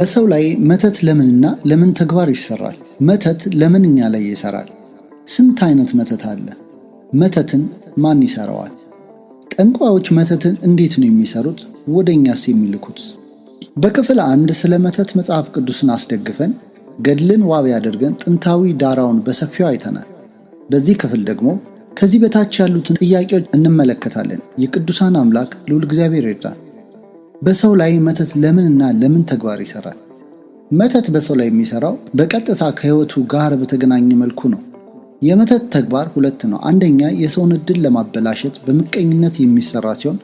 በሰው ላይ መተት ለምንና ለምን ተግባር ይሰራል? መተት ለምን እኛ ላይ ይሰራል? ስንት አይነት መተት አለ? መተትን ማን ይሰራዋል? ጠንቋዮች መተትን እንዴት ነው የሚሰሩት? ወደ እኛስ የሚልኩት? በክፍል አንድ ስለ መተት መጽሐፍ ቅዱስን አስደግፈን ገድልን ዋቢ አድርገን ጥንታዊ ዳራውን በሰፊው አይተናል። በዚህ ክፍል ደግሞ ከዚህ በታች ያሉትን ጥያቄዎች እንመለከታለን። የቅዱሳን አምላክ ልዑል እግዚአብሔር ይርዳን። በሰው ላይ መተት ለምንና ለምን ተግባር ይሰራል? መተት በሰው ላይ የሚሰራው በቀጥታ ከህይወቱ ጋር በተገናኘ መልኩ ነው። የመተት ተግባር ሁለት ነው። አንደኛ የሰውን እድል ለማበላሸት በምቀኝነት የሚሰራ ሲሆን፣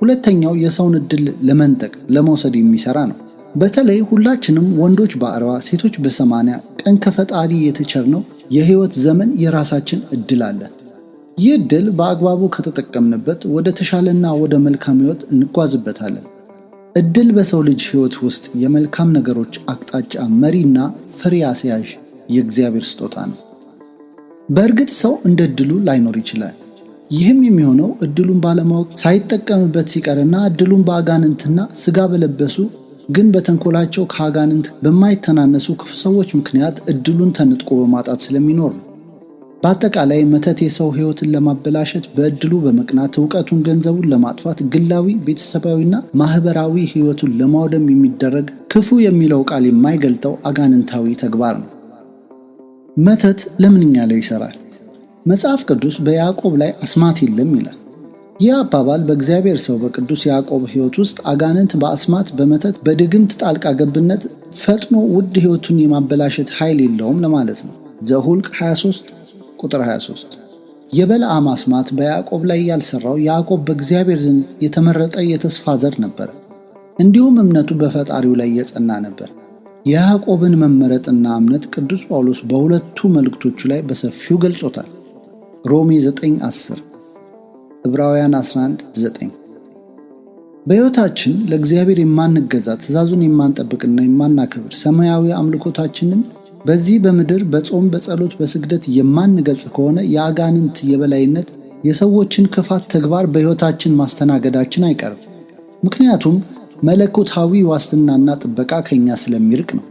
ሁለተኛው የሰውን እድል ለመንጠቅ ለመውሰድ የሚሰራ ነው። በተለይ ሁላችንም ወንዶች በአርባ ሴቶች በሰማንያ ቀን ከፈጣሪ የተቸርነው የህይወት ዘመን የራሳችን እድል አለን። ይህ እድል በአግባቡ ከተጠቀምንበት ወደ ተሻለና ወደ መልካም ህይወት እንጓዝበታለን። እድል በሰው ልጅ ህይወት ውስጥ የመልካም ነገሮች አቅጣጫ መሪና ፍሬ አስያዥ የእግዚአብሔር ስጦታ ነው። በእርግጥ ሰው እንደ እድሉ ላይኖር ይችላል። ይህም የሚሆነው እድሉን ባለማወቅ ሳይጠቀምበት ሲቀርና እድሉን በአጋንንትና ስጋ በለበሱ ግን በተንኮላቸው ከአጋንንት በማይተናነሱ ክፉ ሰዎች ምክንያት እድሉን ተንጥቆ በማጣት ስለሚኖር ነው። በአጠቃላይ መተት የሰው ሕይወትን ለማበላሸት በእድሉ በመቅናት እውቀቱን፣ ገንዘቡን ለማጥፋት ግላዊ፣ ቤተሰባዊና ማህበራዊ ህይወቱን ለማውደም የሚደረግ ክፉ የሚለው ቃል የማይገልጠው አጋንንታዊ ተግባር ነው። መተት ለምንኛ ላይ ይሰራል? መጽሐፍ ቅዱስ በያዕቆብ ላይ አስማት የለም ይላል። ይህ አባባል በእግዚአብሔር ሰው በቅዱስ ያዕቆብ ሕይወት ውስጥ አጋንንት በአስማት በመተት በድግምት ጣልቃ ገብነት ፈጥኖ ውድ ህይወቱን የማበላሸት ኃይል የለውም ለማለት ነው። ዘሁልቅ 23 ቁጥር 23 የበለዓም አስማት በያዕቆብ ላይ ያልሰራው ያዕቆብ በእግዚአብሔር ዘንድ የተመረጠ የተስፋ ዘር ነበር። እንዲሁም እምነቱ በፈጣሪው ላይ የጸና ነበር። የያዕቆብን መመረጥና እምነት ቅዱስ ጳውሎስ በሁለቱ መልእክቶቹ ላይ በሰፊው ገልጾታል። ሮሜ 9:10፣ ዕብራውያን 11:9። በሕይወታችን ለእግዚአብሔር የማንገዛ ትእዛዙን የማንጠብቅና የማናከብር ሰማያዊ አምልኮታችንን በዚህ በምድር በጾም በጸሎት በስግደት የማንገልጽ ከሆነ የአጋንንት የበላይነት የሰዎችን ክፋት ተግባር በሕይወታችን ማስተናገዳችን አይቀርም። ምክንያቱም መለኮታዊ ዋስትናና ጥበቃ ከእኛ ስለሚርቅ ነው።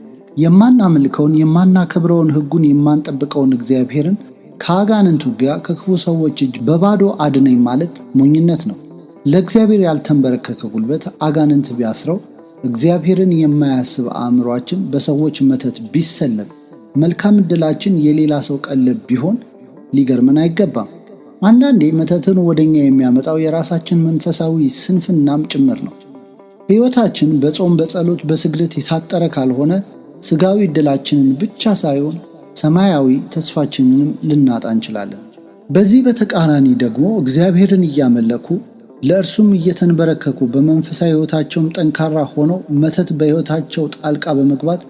የማናመልከውን የማናከብረውን ሕጉን የማንጠብቀውን እግዚአብሔርን ከአጋንንት ውጊያ ከክፉ ሰዎች እጅ በባዶ አድነኝ ማለት ሞኝነት ነው። ለእግዚአብሔር ያልተንበረከከ ጉልበት አጋንንት ቢያስረው እግዚአብሔርን የማያስብ አእምሯችን በሰዎች መተት ቢሰለብ መልካም እድላችን የሌላ ሰው ቀለብ ቢሆን ሊገርመን አይገባም። አንዳንዴ መተትን ወደኛ የሚያመጣው የራሳችን መንፈሳዊ ስንፍናም ጭምር ነው። ሕይወታችን በጾም በጸሎት በስግደት የታጠረ ካልሆነ ስጋዊ እድላችንን ብቻ ሳይሆን ሰማያዊ ተስፋችንንም ልናጣ እንችላለን። በዚህ በተቃራኒ ደግሞ እግዚአብሔርን እያመለኩ ለእርሱም እየተንበረከኩ በመንፈሳዊ ሕይወታቸውም ጠንካራ ሆነው መተት በሕይወታቸው ጣልቃ በመግባት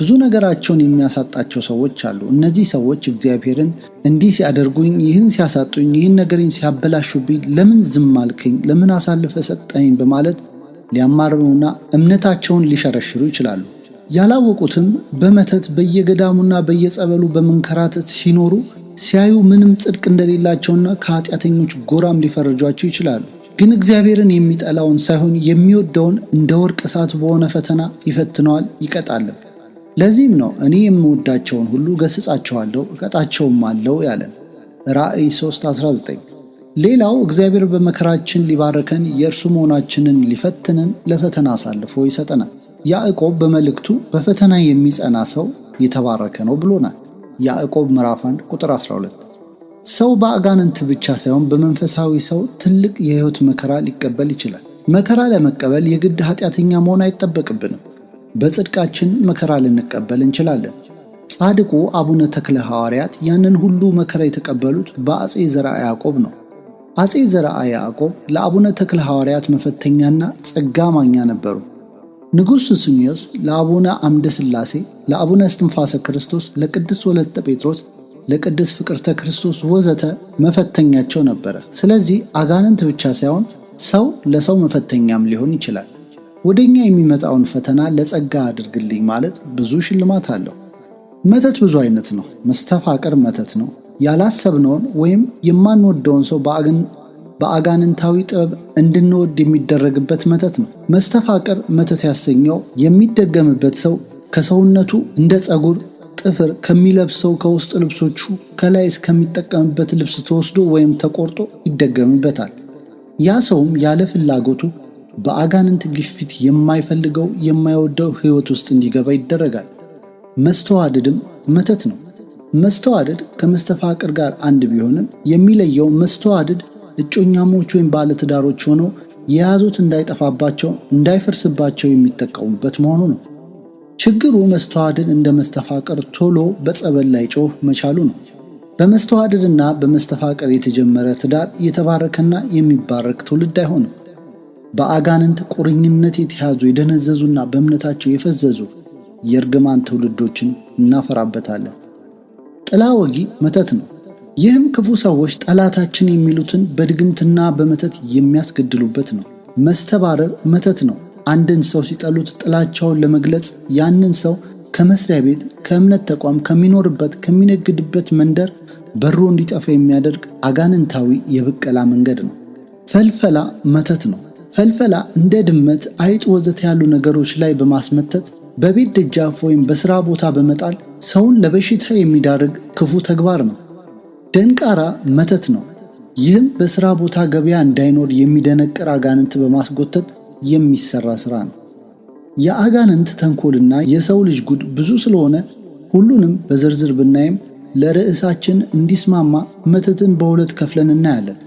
ብዙ ነገራቸውን የሚያሳጣቸው ሰዎች አሉ። እነዚህ ሰዎች እግዚአብሔርን እንዲህ ሲያደርጉኝ፣ ይህን ሲያሳጡኝ፣ ይህን ነገርኝ ሲያበላሹብኝ ለምን ዝም አልከኝ፣ ለምን አሳልፈ ሰጠኝ በማለት ሊያማርሩና እምነታቸውን ሊሸረሽሩ ይችላሉ። ያላወቁትም በመተት በየገዳሙና በየጸበሉ በመንከራተት ሲኖሩ ሲያዩ ምንም ጽድቅ እንደሌላቸውና ከኃጢአተኞች ጎራም ሊፈርጇቸው ይችላሉ። ግን እግዚአብሔርን የሚጠላውን ሳይሆን የሚወደውን እንደ ወርቅ እሳት በሆነ ፈተና ይፈትነዋል፣ ይቀጣልም። ለዚህም ነው እኔ የምወዳቸውን ሁሉ ገስጻቸዋለሁ እቀጣቸውም አለው ያለን ራእይ 319 ሌላው እግዚአብሔር በመከራችን ሊባረከን የእርሱ መሆናችንን ሊፈትንን ለፈተና አሳልፎ ይሰጠናል። ያዕቆብ በመልእክቱ በፈተና የሚጸና ሰው የተባረከ ነው ብሎናል። ያዕቆብ ምዕራፍ 1 ቁጥር 12። ሰው በአጋንንት ብቻ ሳይሆን በመንፈሳዊ ሰው ትልቅ የሕይወት መከራ ሊቀበል ይችላል። መከራ ለመቀበል የግድ ኃጢአተኛ መሆን አይጠበቅብንም። በጽድቃችን መከራ ልንቀበል እንችላለን። ጻድቁ አቡነ ተክለ ሐዋርያት ያንን ሁሉ መከራ የተቀበሉት በአጼ ዘርዓ ያዕቆብ ነው። አጼ ዘርዓ ያዕቆብ ለአቡነ ተክለ ሐዋርያት መፈተኛና ጸጋ ማኛ ነበሩ። ንጉሥ ሱስንዮስ ለአቡነ አምደ ሥላሴ፣ ለአቡነ እስትንፋሰ ክርስቶስ፣ ለቅድስት ወለተ ጴጥሮስ፣ ለቅድስት ፍቅርተ ክርስቶስ ወዘተ መፈተኛቸው ነበረ። ስለዚህ አጋንንት ብቻ ሳይሆን ሰው ለሰው መፈተኛም ሊሆን ይችላል። ወደኛ የሚመጣውን ፈተና ለጸጋ አድርግልኝ ማለት ብዙ ሽልማት አለው። መተት ብዙ አይነት ነው። መስተፋቅር መተት ነው። ያላሰብነውን ወይም የማንወደውን ሰው በአጋንንታዊ ጥበብ እንድንወድ የሚደረግበት መተት ነው። መስተፋቅር መተት ያሰኘው የሚደገምበት ሰው ከሰውነቱ እንደ ጸጉር ጥፍር ከሚለብሰው ከውስጥ ልብሶቹ ከላይ እስከሚጠቀምበት ልብስ ተወስዶ ወይም ተቆርጦ ይደገምበታል። ያ ሰውም ያለ ፍላጎቱ በአጋንንት ግፊት የማይፈልገው የማይወደው ሕይወት ውስጥ እንዲገባ ይደረጋል። መስተዋደድም መተት ነው። መስተዋደድ ከመስተፋቅር ጋር አንድ ቢሆንም የሚለየው መስተዋደድ እጮኛሞች ወይም ባለትዳሮች ሆነው የያዙት እንዳይጠፋባቸው እንዳይፈርስባቸው የሚጠቀሙበት መሆኑ ነው። ችግሩ መስተዋደድ እንደ መስተፋቅር ቶሎ በጸበል ላይ ጮህ መቻሉ ነው። በመስተዋደድና በመስተፋቅር የተጀመረ ትዳር የተባረከና የሚባረክ ትውልድ አይሆንም። በአጋንንት ቁርኝነት የተያዙ የደነዘዙና በእምነታቸው የፈዘዙ የእርግማን ትውልዶችን እናፈራበታለን። ጥላ ወጊ መተት ነው። ይህም ክፉ ሰዎች ጠላታችን የሚሉትን በድግምትና በመተት የሚያስገድሉበት ነው። መስተባረር መተት ነው። አንድን ሰው ሲጠሉት ጥላቻውን ለመግለጽ ያንን ሰው ከመስሪያ ቤት፣ ከእምነት ተቋም፣ ከሚኖርበት፣ ከሚነግድበት መንደር በሮ እንዲጠፋ የሚያደርግ አጋንንታዊ የብቀላ መንገድ ነው። ፈልፈላ መተት ነው። ፈልፈላ እንደ ድመት፣ አይጥ፣ ወዘት ያሉ ነገሮች ላይ በማስመተት በቤት ደጃፍ ወይም በሥራ ቦታ በመጣል ሰውን ለበሽታ የሚዳርግ ክፉ ተግባር ነው። ደንቃራ መተት ነው። ይህም በሥራ ቦታ ገበያ እንዳይኖር የሚደነቅር አጋንንት በማስጎተት የሚሰራ ሥራ ነው። የአጋንንት ተንኮልና የሰው ልጅ ጉድ ብዙ ስለሆነ ሁሉንም በዝርዝር ብናይም ለርዕሳችን እንዲስማማ መተትን በሁለት ከፍለን እናያለን።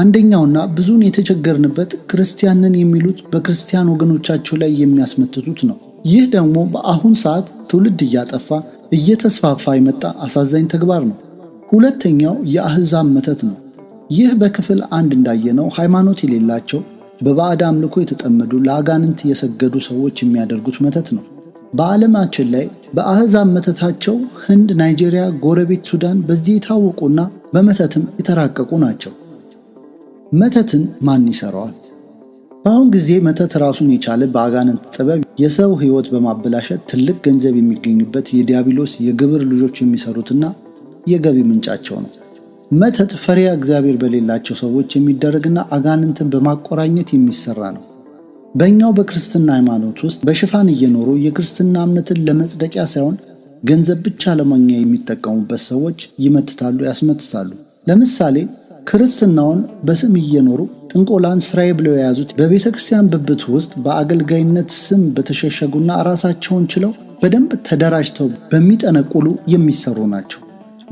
አንደኛውና ብዙውን የተቸገርንበት ክርስቲያንን የሚሉት በክርስቲያን ወገኖቻቸው ላይ የሚያስመትቱት ነው። ይህ ደግሞ በአሁን ሰዓት ትውልድ እያጠፋ እየተስፋፋ የመጣ አሳዛኝ ተግባር ነው። ሁለተኛው የአህዛብ መተት ነው። ይህ በክፍል አንድ እንዳየነው ሃይማኖት የሌላቸው በባዕድ አምልኮ የተጠመዱ ለአጋንንት የሰገዱ ሰዎች የሚያደርጉት መተት ነው። በዓለማችን ላይ በአህዛብ መተታቸው ህንድ፣ ናይጄሪያ፣ ጎረቤት ሱዳን በዚህ የታወቁና በመተትም የተራቀቁ ናቸው። መተትን ማን ይሰራዋል? በአሁን ጊዜ መተት ራሱን የቻለ በአጋንንት ጥበብ የሰው ህይወት በማበላሸት ትልቅ ገንዘብ የሚገኝበት የዲያብሎስ የግብር ልጆች የሚሰሩትና የገቢ ምንጫቸው ነው። መተት ፈሪያ እግዚአብሔር በሌላቸው ሰዎች የሚደረግና አጋንንትን በማቆራኘት የሚሰራ ነው። በእኛው በክርስትና ሃይማኖት ውስጥ በሽፋን እየኖሩ የክርስትና እምነትን ለመጽደቂያ ሳይሆን ገንዘብ ብቻ ለማግኛ የሚጠቀሙበት ሰዎች ይመትታሉ፣ ያስመትታሉ። ለምሳሌ ክርስትናውን በስም እየኖሩ ጥንቆላን ስራዬ ብለው የያዙት በቤተ ክርስቲያን ብብት ውስጥ በአገልጋይነት ስም በተሸሸጉና ራሳቸውን ችለው በደንብ ተደራጅተው በሚጠነቁሉ የሚሰሩ ናቸው።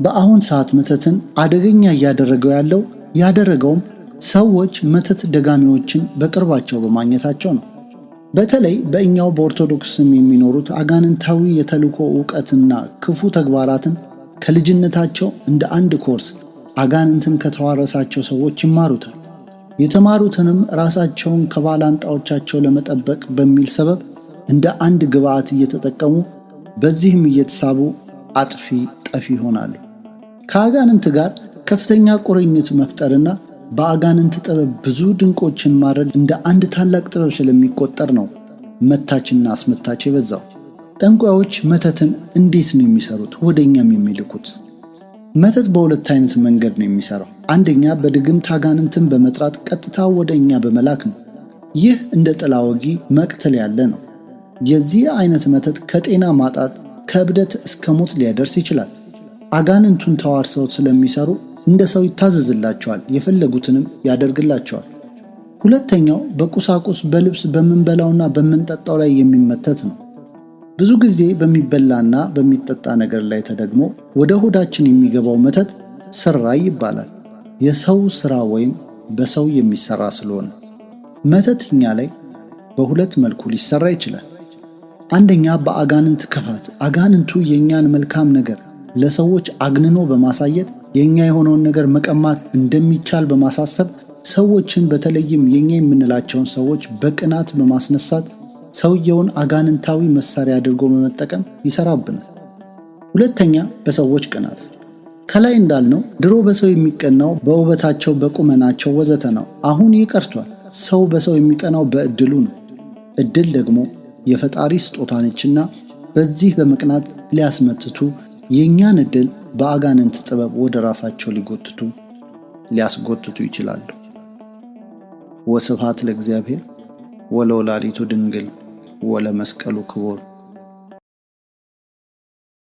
በአሁን ሰዓት መተትን አደገኛ እያደረገው ያለው ያደረገውም ሰዎች መተት ደጋሚዎችን በቅርባቸው በማግኘታቸው ነው። በተለይ በእኛው በኦርቶዶክስ ስም የሚኖሩት አጋንንታዊ የተልእኮ እውቀትና ክፉ ተግባራትን ከልጅነታቸው እንደ አንድ ኮርስ አጋንንትን ከተዋረሳቸው ሰዎች ይማሩታል። የተማሩትንም ራሳቸውን ከባላንጣዎቻቸው ለመጠበቅ በሚል ሰበብ እንደ አንድ ግብዓት እየተጠቀሙ በዚህም እየተሳቡ አጥፊ ጠፊ ይሆናሉ። ከአጋንንት ጋር ከፍተኛ ቁርኝት መፍጠርና በአጋንንት ጥበብ ብዙ ድንቆችን ማድረግ እንደ አንድ ታላቅ ጥበብ ስለሚቆጠር ነው መታችና አስመታች የበዛው። ጠንቋዮች መተትን እንዴት ነው የሚሰሩት ወደኛም የሚልኩት? መተት በሁለት አይነት መንገድ ነው የሚሰራው። አንደኛ በድግምት አጋንንትን በመጥራት ቀጥታ ወደ እኛ በመላክ ነው። ይህ እንደ ጥላ ወጊ መቅተል ያለ ነው። የዚህ አይነት መተት ከጤና ማጣት ከእብደት እስከ ሞት ሊያደርስ ይችላል። አጋንንቱን ተዋርሰው ስለሚሰሩ እንደ ሰው ይታዘዝላቸዋል፣ የፈለጉትንም ያደርግላቸዋል። ሁለተኛው በቁሳቁስ በልብስ በምንበላውና በምንጠጣው ላይ የሚመተት ነው። ብዙ ጊዜ በሚበላና በሚጠጣ ነገር ላይ ተደግሞ ወደ ሆዳችን የሚገባው መተት ስራይ ይባላል። የሰው ስራ ወይም በሰው የሚሰራ ስለሆነ መተት እኛ ላይ በሁለት መልኩ ሊሰራ ይችላል። አንደኛ በአጋንንት ክፋት፣ አጋንንቱ የእኛን መልካም ነገር ለሰዎች አግንኖ በማሳየት የእኛ የሆነውን ነገር መቀማት እንደሚቻል በማሳሰብ ሰዎችን በተለይም የኛ የምንላቸውን ሰዎች በቅናት በማስነሳት ሰውየውን አጋንንታዊ መሳሪያ አድርጎ በመጠቀም ይሰራብናል። ሁለተኛ በሰዎች ቅናት። ከላይ እንዳልነው ድሮ በሰው የሚቀናው በውበታቸው፣ በቁመናቸው ወዘተ ነው። አሁን ይህ ቀርቷል። ሰው በሰው የሚቀናው በእድሉ ነው። እድል ደግሞ የፈጣሪ ስጦታ ነችና በዚህ በመቅናት ሊያስመትቱ የእኛን እድል በአጋንንት ጥበብ ወደ ራሳቸው ሊጎትቱ ሊያስጎትቱ ይችላሉ። ወስብሃት ለእግዚአብሔር። ወለወላዲቱ ድንግል ወለመስቀሉ ክቡር